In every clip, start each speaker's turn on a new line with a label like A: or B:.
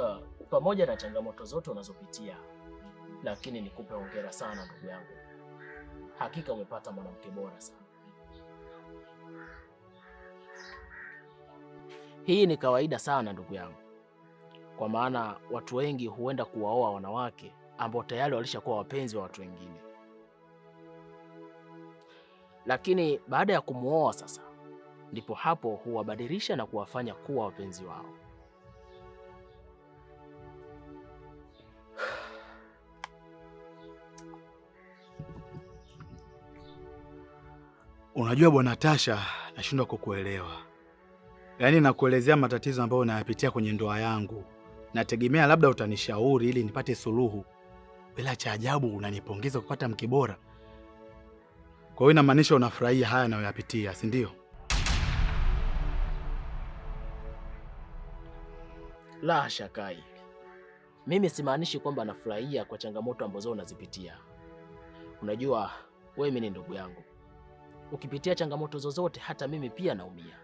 A: Uh, pamoja na changamoto zote unazopitia, lakini nikupe hongera sana ndugu yangu, hakika umepata mwanamke bora sana. Hii ni kawaida sana ndugu yangu, kwa maana watu wengi huenda kuwaoa wanawake ambao tayari walishakuwa wapenzi wa watu wengine, lakini baada ya kumwoa sasa, ndipo hapo huwabadilisha na kuwafanya kuwa wapenzi wao.
B: Unajua bwana Tasha, nashindwa kukuelewa. Yaani nakuelezea matatizo ambayo nayapitia kwenye ndoa yangu, nategemea labda utanishauri ili nipate suluhu, bila cha ajabu unanipongeza kupata mke bora. Kwa hiyo inamaanisha unafurahia haya nayoyapitia, si ndio?
A: La Shakai, mimi simaanishi kwamba nafurahia kwa changamoto ambazo unazipitia. Unajua wewe mimi ni ndugu yangu ukipitia changamoto zozote, hata mimi pia naumia.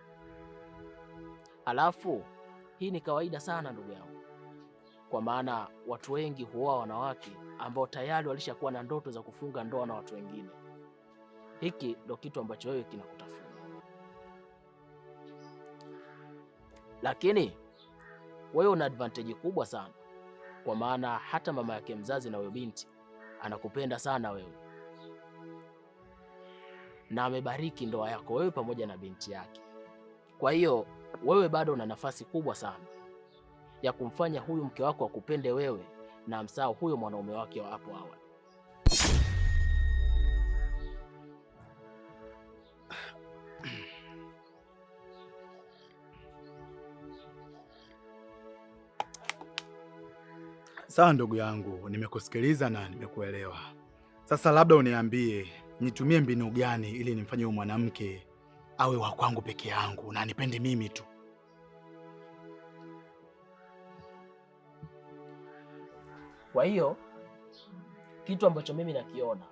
A: Alafu hii ni kawaida sana ndugu yangu, kwa maana watu wengi huoa wanawake ambao tayari walishakuwa na ndoto za kufunga ndoa na watu wengine. Hiki ndo kitu ambacho wewe kinakutafuna, lakini wewe una advantage kubwa sana, kwa maana hata mama yake mzazi na huyo binti anakupenda sana wewe na amebariki ndoa yako wewe pamoja na binti yake. Kwa hiyo wewe bado una nafasi kubwa sana ya kumfanya huyu mke wako akupende wewe na msao huyo mwanaume wake wa hapo awali.
B: Sawa ndugu yangu, nimekusikiliza na nimekuelewa. Sasa labda uniambie nitumie mbinu gani ili nimfanye huyu mwanamke awe wa kwangu peke yangu na anipende mimi tu?
A: Kwa hiyo kitu ambacho mimi nakiona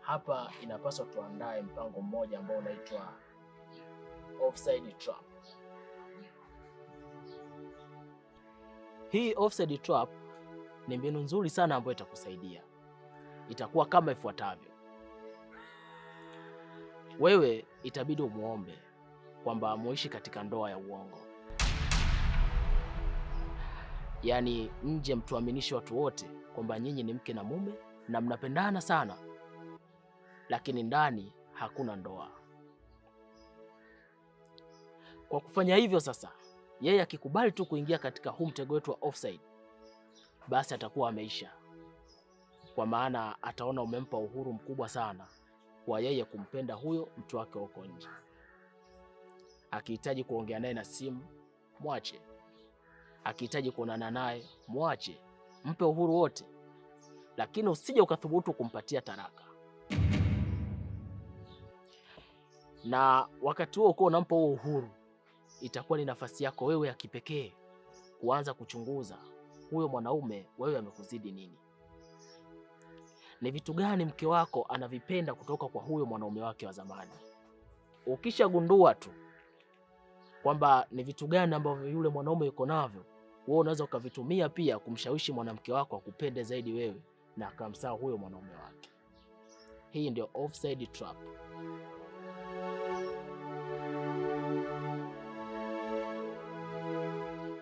A: hapa, inapaswa tuandae mpango mmoja ambao unaitwa offside trap. Hii offside trap ni mbinu nzuri sana ambayo itakusaidia. Itakuwa kama ifuatavyo wewe itabidi umwombe kwamba muishi katika ndoa ya uongo, yaani nje mtuaminishe watu wote kwamba nyinyi ni mke na mume na mnapendana sana, lakini ndani hakuna ndoa. Kwa kufanya hivyo sasa, yeye akikubali tu kuingia katika huu mtego wetu wa offside, basi atakuwa ameisha, kwa maana ataona umempa uhuru mkubwa sana kwa yeye kumpenda huyo mtu wake huko nje. Akihitaji kuongea naye na simu, mwache. Akihitaji kuonana naye, mwache, mpe uhuru wote, lakini usije ukathubutu kumpatia taraka. Na wakati huo uko unampa huo uhuru, itakuwa ni nafasi yako wewe ya kipekee kuanza kuchunguza huyo mwanaume, wewe amekuzidi nini? ni vitu gani mke wako anavipenda kutoka kwa huyo mwanaume wake wa zamani. Ukishagundua tu kwamba ni vitu gani ambavyo yule mwanaume yuko navyo, wewe unaweza ukavitumia pia kumshawishi mwanamke wako akupende zaidi wewe na akamsaa huyo mwanaume wake. Hii ndio offside trap.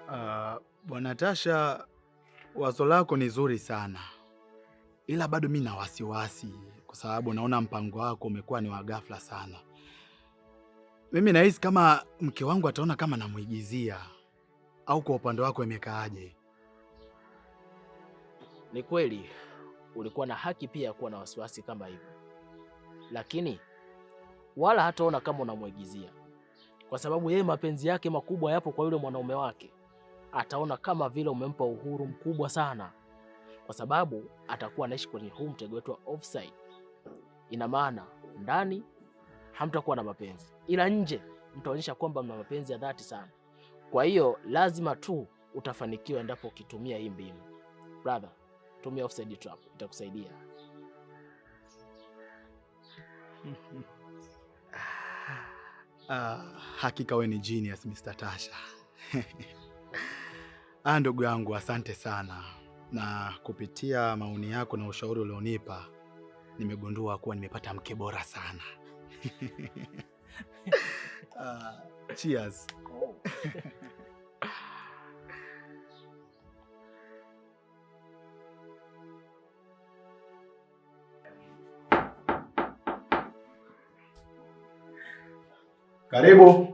B: Uh, Bwana Tasha, wazo lako ni zuri sana ila bado mi na wasiwasi kwa sababu naona mpango wako umekuwa ni wa ghafla sana. Mimi nahisi kama mke wangu ataona kama namwigizia, au kwa upande wako imekaaje?
A: Ni kweli ulikuwa na haki pia ya kuwa na wasiwasi kama hivyo, lakini wala hataona kama unamwigizia, kwa sababu yeye mapenzi yake makubwa yapo kwa yule mwanaume wake. Ataona kama vile umempa uhuru mkubwa sana kwa sababu atakuwa anaishi kwenye huu mtego wetu wa offside. Ina maana ndani hamtakuwa na mapenzi, ila nje mtaonyesha kwamba mna mapenzi ya dhati sana. Kwa hiyo lazima tu utafanikiwa endapo ukitumia hii mbinu. Brother, tumia offside trap, itakusaidia.
B: Ah, hakika wewe ni genius Mr. Tasha. Ah, ndugu yangu, asante sana na kupitia maoni yako na ushauri ulionipa nimegundua kuwa nimepata mke bora sana. Uh, cheers. Oh. Karibu.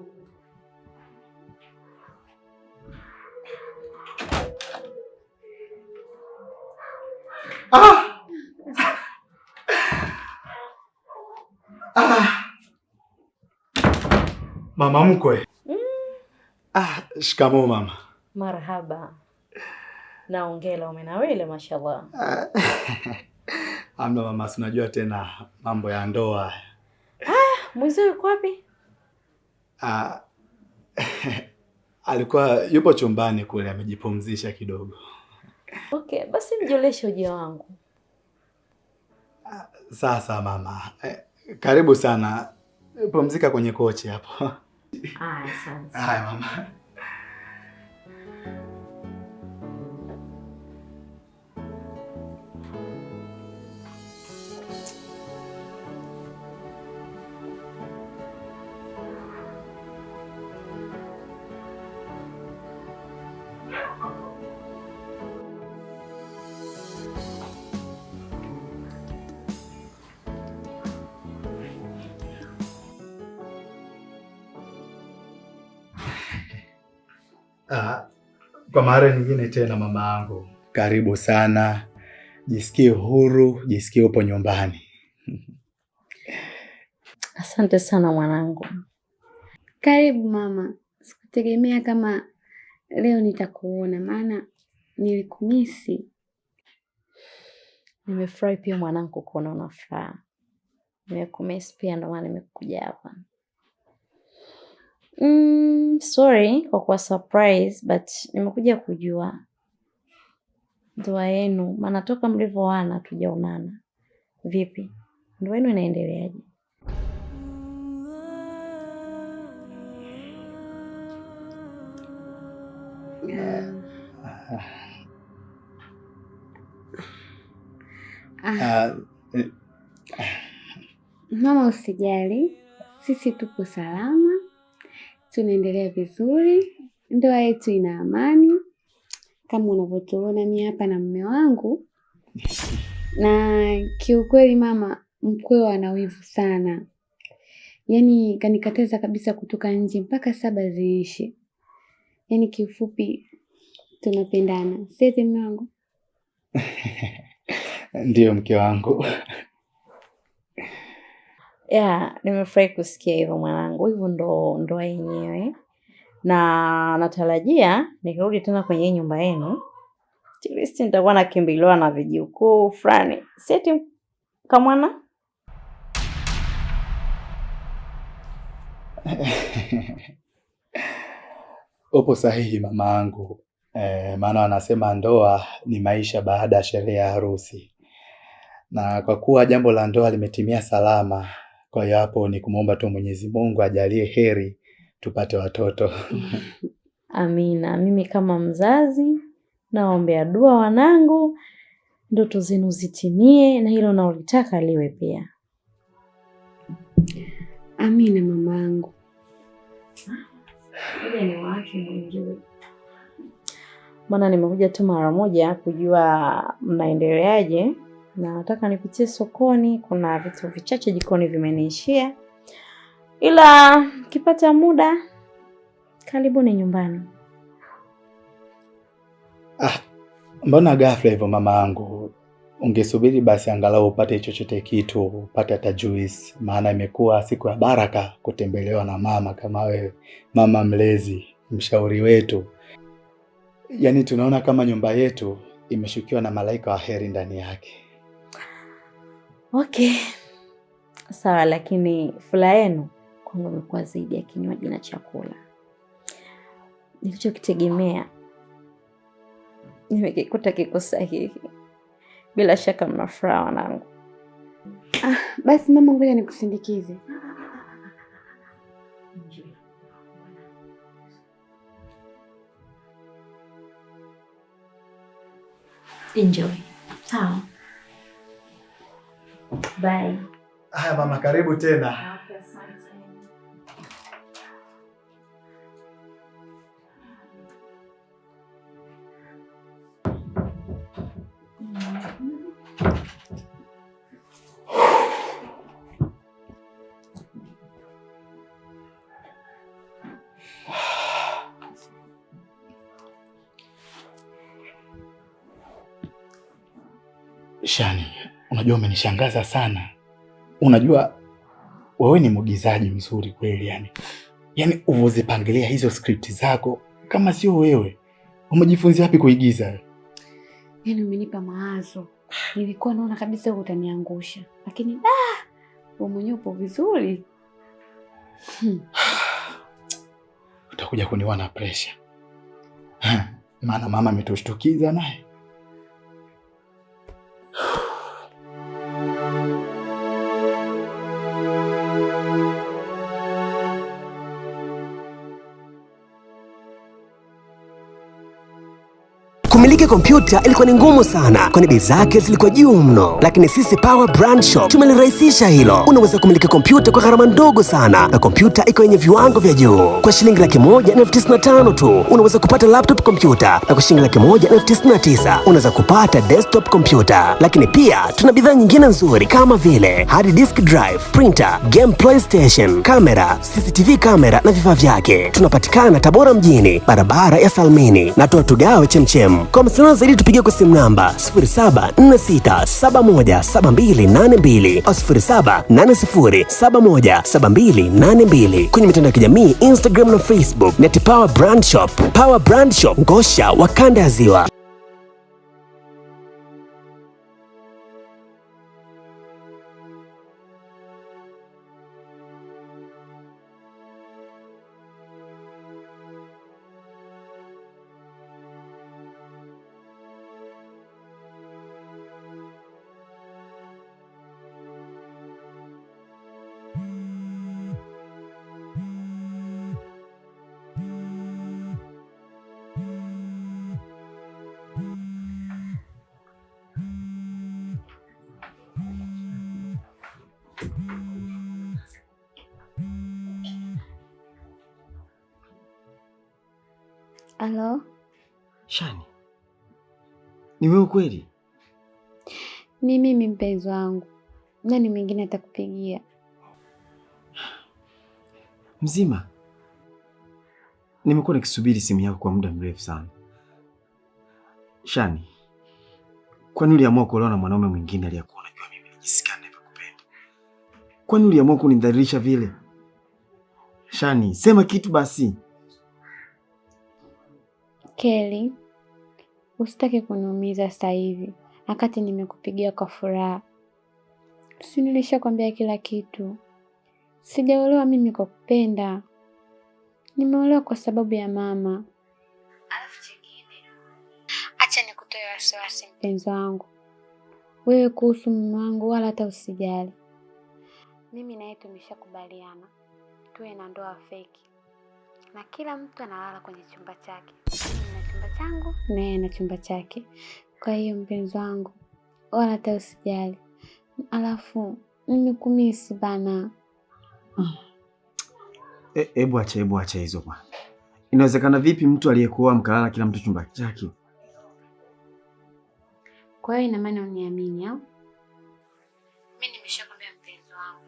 B: mama mkwe. Mm. Ah, shikamoo mama.
C: Marhaba. ongela umenawele mashallah. Ah.
B: Amna mama, sinajua tena mambo ya ndoa.
C: Ah, mwizi yuko wapi? Ah,
B: alikuwa yupo chumbani kule amejipumzisha kidogo.
C: Okay, basi mjoleshe ujio wangu.
B: Ah, sasa mama, eh, karibu sana. Pumzika kwenye kochi hapo.
C: Ay, sensin.
B: Ay, mamá. mara nyingine tena mama yangu Karibu sana, jisikie huru, jisikie upo nyumbani.
C: Asante sana mwanangu. Karibu mama, sikutegemea kama leo nitakuona, maana nilikumisi. Nimefurahi pia mwanangu kuona una furaha, nimekumisi pia, ndio maana nimekuja hapa. Mm, sorry kwa kuwa surprise but nimekuja kujua ndoa yenu, maana toka mlivyoana tujaonana. Vipi, ndoa yenu inaendeleaje? Yeah. Ah. Mama, usijali, sisi tupo salama tunaendelea vizuri, ndoa yetu ina amani kama unavyotuona mi hapa na mume wangu. Na kiukweli, mama mkweo ana wivu sana, yaani kanikataza kabisa kutoka nje mpaka saba ziishi. Yaani kiufupi, tunapendana sete, mme wangu.
B: Ndiyo mke wangu
C: Yeah, nimefurahi kusikia hivyo mwanangu, hivyo ndo ndoa yenyewe, na natarajia nikirudi tena kwenye nyumba yenu tilisti nitakuwa nitakuwa nakimbiliwa na vijukuu fulani, seti kamwana
B: Upo sahihi mamaangu. E, eh, maana wanasema ndoa ni maisha baada ya sherehe ya harusi, na kwa kuwa jambo la ndoa limetimia salama kwa hiyo hapo ni kumwomba tu Mwenyezi Mungu ajalie heri tupate watoto.
C: Amina. Mimi kama mzazi naombea dua wanangu, ndoto zenu zitimie na hilo naolitaka liwe pia. Amina mamangu. Maana nimekuja tu mara moja kujua mnaendeleaje na nataka nipitie sokoni, kuna vitu vichache jikoni vimeniishia, ila kipata muda karibuni nyumbani.
B: Ah, mbona ghafla hivyo mama yangu? Ungesubiri basi angalau upate chochote kitu, upate hata juice, maana imekuwa siku ya baraka kutembelewa na mama kama wewe, mama mlezi, mshauri wetu. Yaani tunaona kama nyumba yetu imeshukiwa na malaika wa heri ndani yake.
C: Okay, sawa, lakini furaha yenu kwangu imekuwa zaidi ya kinywaji na chakula. Nilichokitegemea nimekikuta kiko sahihi. Bila shaka mna furaha wanangu. Ah, basi mama, ngoja nikusindikize. Enjoy. Sawa. Bye.
B: Haya mama, karibu tena. Unajua, umenishangaza sana. Unajua wewe ni mwigizaji mzuri kweli, yani yani uvozipangilia hizo script zako kama sio wewe. Umejifunzia wapi kuigiza?
C: Yaani umenipa mawazo, nilikuwa naona kabisa utaniangusha, lakini ah, wewe mwenyewe upo vizuri hmm.
B: Utakuja kuniwa na pressure maana mama ametushtukiza naye
D: kompyuta ilikuwa ni ngumu sana, kwani bei zake zilikuwa juu mno, lakini sisi Power Brand Shop tumelirahisisha hilo. Unaweza kumiliki kompyuta kwa gharama ndogo sana, na kompyuta iko yenye viwango vya juu. Kwa shilingi laki moja na elfu tisini na tano tu unaweza kupata laptop kompyuta, na kwa shilingi laki moja na elfu tisini na tisa unaweza kupata desktop kompyuta. Lakini pia tuna bidhaa nyingine nzuri kama vile hard disk drive, printer, game playstation, kamera, CCTV kamera na vifaa vyake. Tunapatikana Tabora mjini, barabara ya Salmini. na tuatugawe chemchem. Mawasiliano zaidi tupigie kwa simu namba 0746717282 au 0780717282 kwenye mitandao ya kijamii Instagram na Facebook, Power Brand Shop, Power Brand Shop Ngosha wa Kanda ya Ziwa.
E: Halo
B: Shani, ni wewe kweli?
E: Ni mimi mpenzi wangu, nani mwingine atakupigia?
B: Mzima, nimekuwa nikisubiri simu yako kwa muda mrefu sana. Shani, kwani uliamua kuolewa na mwanaume mwingine aliyekuwa anajua mimi nijisikana hivyo Kwani uliamua kunidhalilisha vile? Shani, sema kitu basi.
E: Kelly, usitake kuniumiza sasa hivi, wakati nimekupigia kwa furaha. Si nilishakwambia kila kitu? Sijaolewa mimi kwa kupenda, nimeolewa kwa sababu ya mama. Alafu chingine, acha nikutoe wasiwasi mpenzi wangu, wewe kuhusu mume wangu wala hata usijali. Mimi na yeye tumeshakubaliana tuwe na ndoa feki na kila mtu analala kwenye chumba chake changu yeye ana chumba chake. Kwa hiyo mpenzi wangu, wala hata usijali. Alafu nimekumisi bana.
B: Hebu eh, acha, hebu acha hizo bwana. Inawezekana vipi mtu aliyekuoa mkalala kila mtu chumba chake?
E: Kwa hiyo ina maana uniamini au? Mimi nimeshakwambia mpenzi wangu,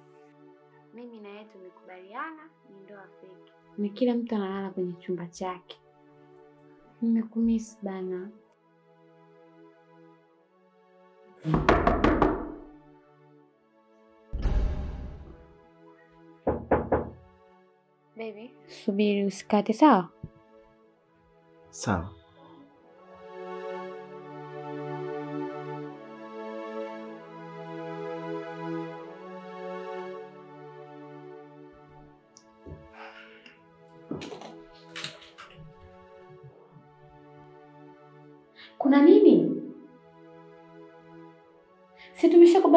E: mimi na yeye tumekubaliana ni ndoa feki na kila mtu analala kwenye chumba chake. Nimekumisi bana. Baby, subiri usikate, sawa sawa.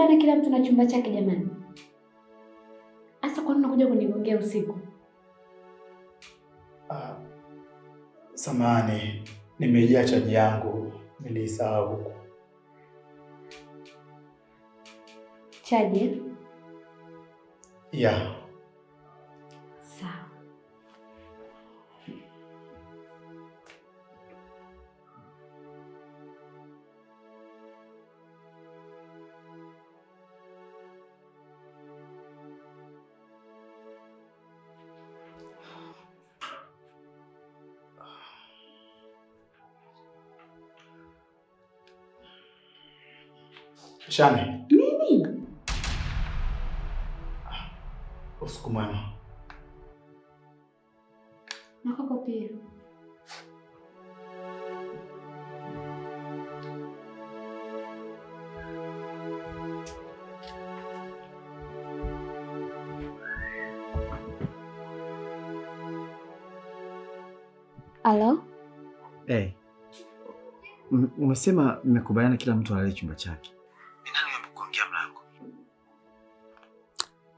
E: bwana, yaani kila mtu na chumba chake jamani. Hasa kwani unakuja kunigongea usiku?
B: Ah, samani, nimejaa chaji yangu nilisahau huku. Chaji? Yeah. Sawa. Shani.
E: Mimi?
B: Ah, usiku mwema.
E: Na kwako pia. Halo?
B: Hey. Eh. Umesema mmekubaliana kila mtu alale chumba chake.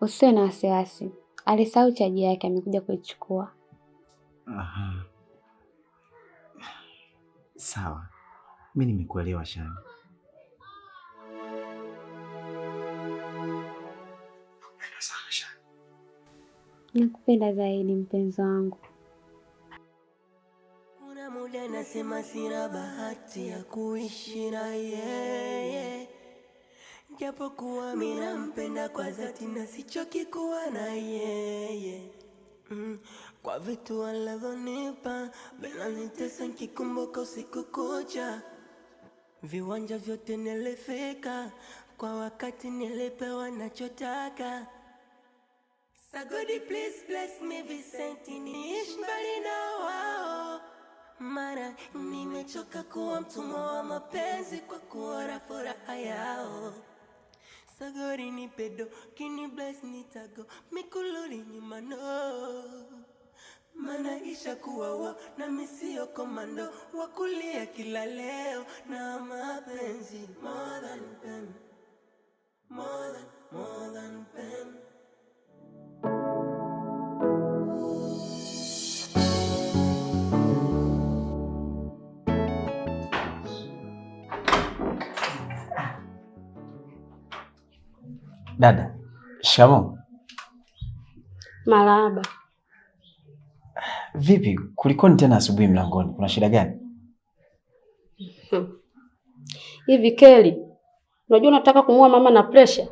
E: Usiwe na wasiwasi, alisahau chaji yake, amekuja kuichukua. Aha.
B: Sawa, mi nimekuelewa Shani.
E: Nakupenda zaidi mpenzi wangu. Kuna muda nasema sina bahati ya kuishi na yeye japokuwa mimi nampenda kwa dhati na sichoki kuwa na yeye mm. Kwa vitu alivyonipa bila nitesa, usiku kucha, viwanja vyote nilifika kwa wakati, nilipewa nachotaka. So God please bless me Vincent, niishi mbali na wao, mara nimechoka kuwa mtumwa
B: wa mapenzi kwa kuora furaha yao. Sagori ni pedo, kini bless ni tago, mikulori ni mano maana isha kuwa wo na misio komando wakulia kila leo na mapenzi more than pen, more than, more than pen. Dada, shamo. Marahaba. Vipi, kulikoni tena asubuhi mlangoni? Kuna shida gani?
F: Hmm. Hivi Keli, unajua unataka kumua mama na presha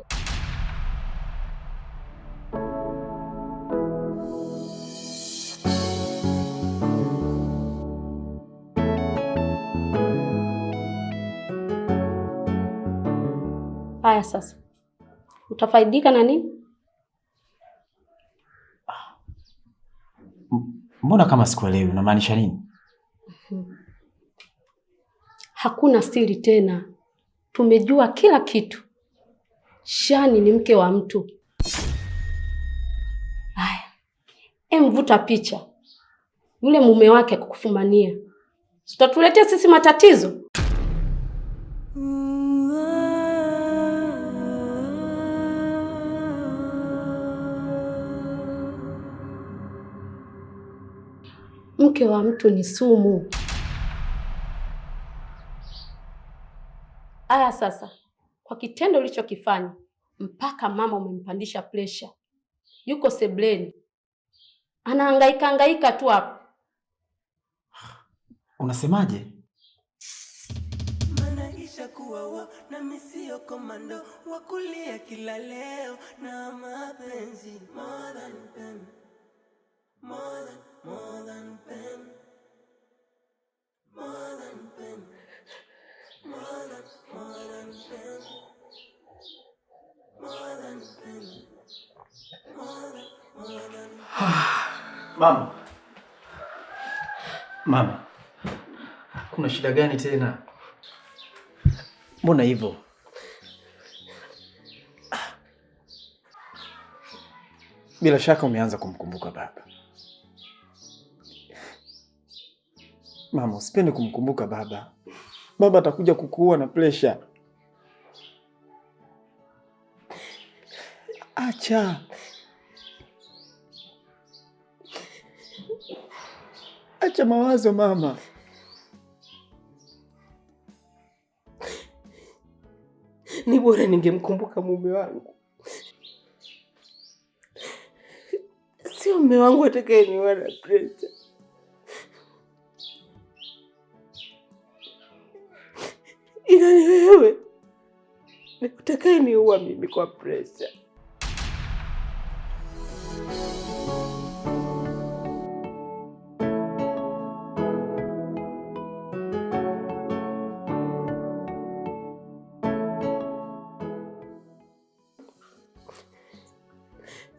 F: haya sasa utafaidika na nini?
B: Mbona kama sikuelewi, unamaanisha nini?
F: Hakuna siri tena, tumejua kila kitu. Shani ni mke wa mtu. Haya, emvuta picha yule mume wake kukufumania utatuletea sisi matatizo. mke wa mtu ni sumu. Aya, sasa kwa kitendo ulichokifanya, mpaka mama umempandisha presha, yuko sebleni anahangaika hangaika tu hapo.
B: Unasemaje? Manaisha kuwa wa na misio komando wakulia kila leo na mapenzi more than them, more than Mama. Mama, kuna shida gani tena? Mbona hivyo? Bila shaka umeanza kumkumbuka baba. Mama, usipende kumkumbuka baba. Baba atakuja kukuua na presha. Acha acha mawazo mama. Ni bora ningemkumbuka mume wangu, sio mume wangu atakaye na presha. ni niua mimi kwa presha.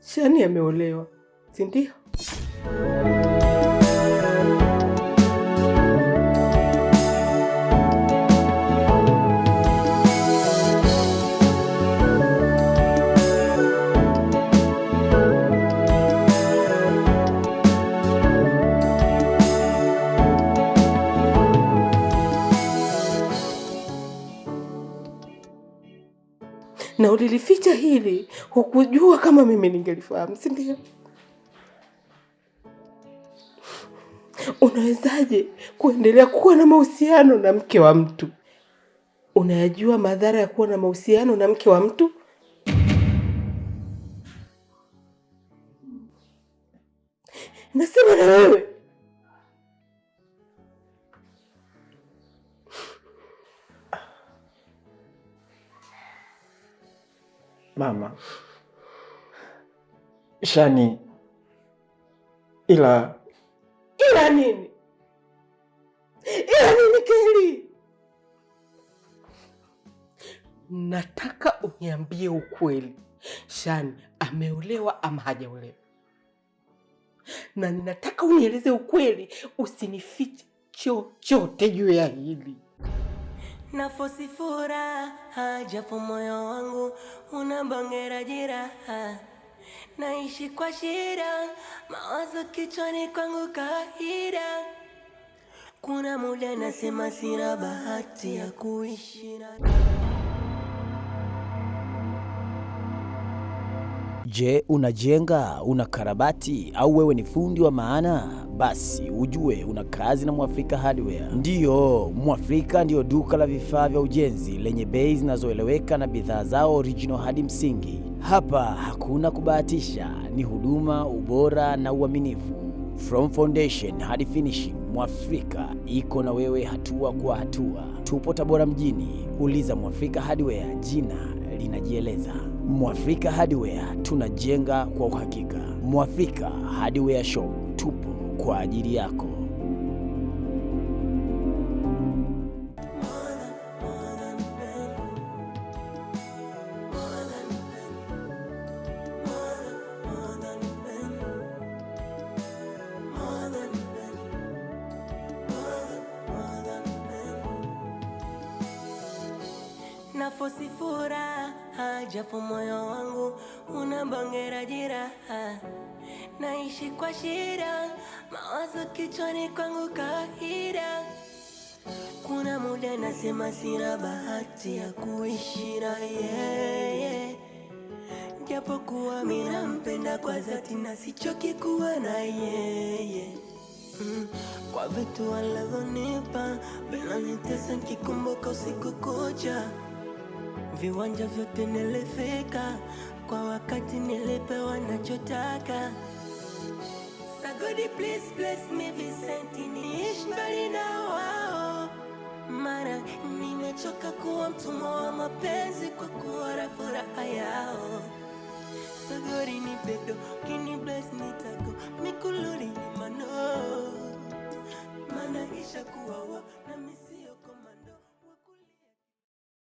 B: Shani ameolewa, si ndio?
F: ulilificha hili, hukujua kama mimi ningelifahamu, si ndio? Unawezaje kuendelea kuwa na mahusiano na mke wa mtu? Unayajua madhara ya kuwa na mahusiano na mke wa mtu? Nasema na wewe
B: mama Shani, ila
F: ila nini? Ila nini? Keli, nataka uniambie ukweli, Shani ameolewa ama hajaolewa? Na ninataka unieleze ukweli, usinifiche chochote juu ya hili nafosi furaha, japo moyo wangu unabongera jiraha, naishi kwa shida, mawazo kichwani kwangu
G: kawaida. Kuna muda nasema sina bahati ya kuishi na Je, unajenga, karabati au wewe ni fundi wa maana? Basi ujue una kazi na Mwafrika Hardware. Ndiyo, Mwafrika ndiyo duka la vifaa vya ujenzi lenye bei zinazoeleweka na, na bidhaa zao original hadi msingi. Hapa hakuna kubahatisha, ni huduma, ubora na uaminifu. From foundation hadi finishing, Mwafrika iko na wewe hatua kwa hatua. Tupo Tabora mjini, uliza Mwafrika Hardware, jina linajieleza. Mwafrika Hardware tunajenga kwa uhakika. Mwafrika Hardware Shop tupo kwa ajili yako. naishi kwa shida, mawazo kichwani kwangu kahira Kuna muda nasema sina bahati ya kuishi na yeye, japokuwa mimi nampenda kwa dhati na sichoki kuwa na yeye mm, Kwa vitu alivyonipa bila nitesa, nikikumbuka usiku kucha, viwanja vyote nilifika kwa wakati, nilipewa nachotaka. Baby please bless me Vincent, niishi mbali na wao, mara nimechoka kuwa mtumwa wa mapenzi kwa kuora furaha yao. Sagori ni bedo kini bless ni tako mikuluri ni mano, maana isha kuwa